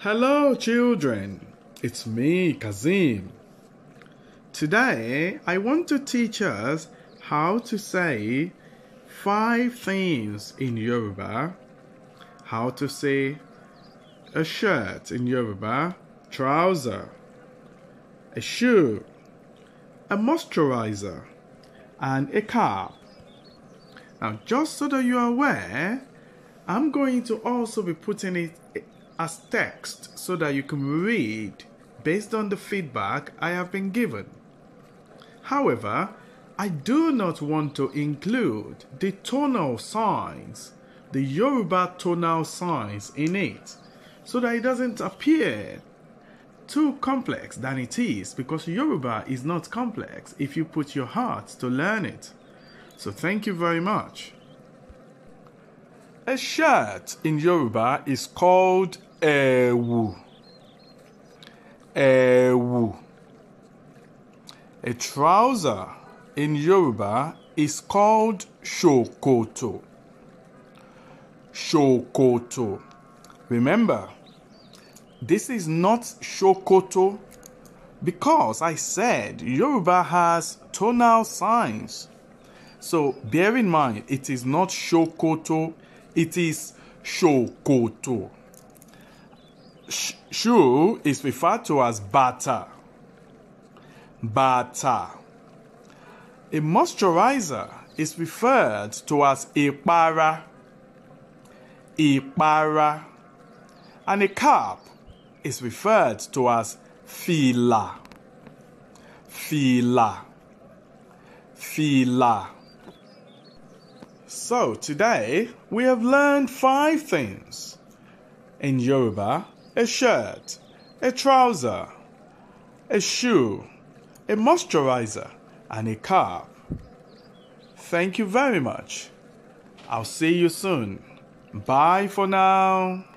Hello, children. It's me, Kazim. Today, I want to teach us how to say five things in Yoruba, how to say a shirt in Yoruba, trouser, a shoe, a moisturizer, and a cap. Now, just so that you're aware, I'm going to also be putting it as text so that you can read based on the feedback I have been given. However, I do not want to include the tonal signs, the Yoruba tonal signs in it, so that it doesn't appear too complex than it is because Yoruba is not complex if you put your heart to learn it. So thank you very much. A shirt in Yoruba is called ẹ̀wù ẹ̀wù. A trouser in Yoruba is called shokoto. Shokoto. Remember, this is not shokoto because I said Yoruba has tonal signs. So bear in mind, it is not shokoto, it is shokoto shoe is referred to as bata. Bata. A moisturizer is referred to as ipara. Ipara. And a cap is referred to as fila. Fila. Fila. So today we have learned five things in Yoruba a shirt, a trouser, a shoe, a moisturizer, and a cap. Thank you very much. I'll see you soon. Bye for now.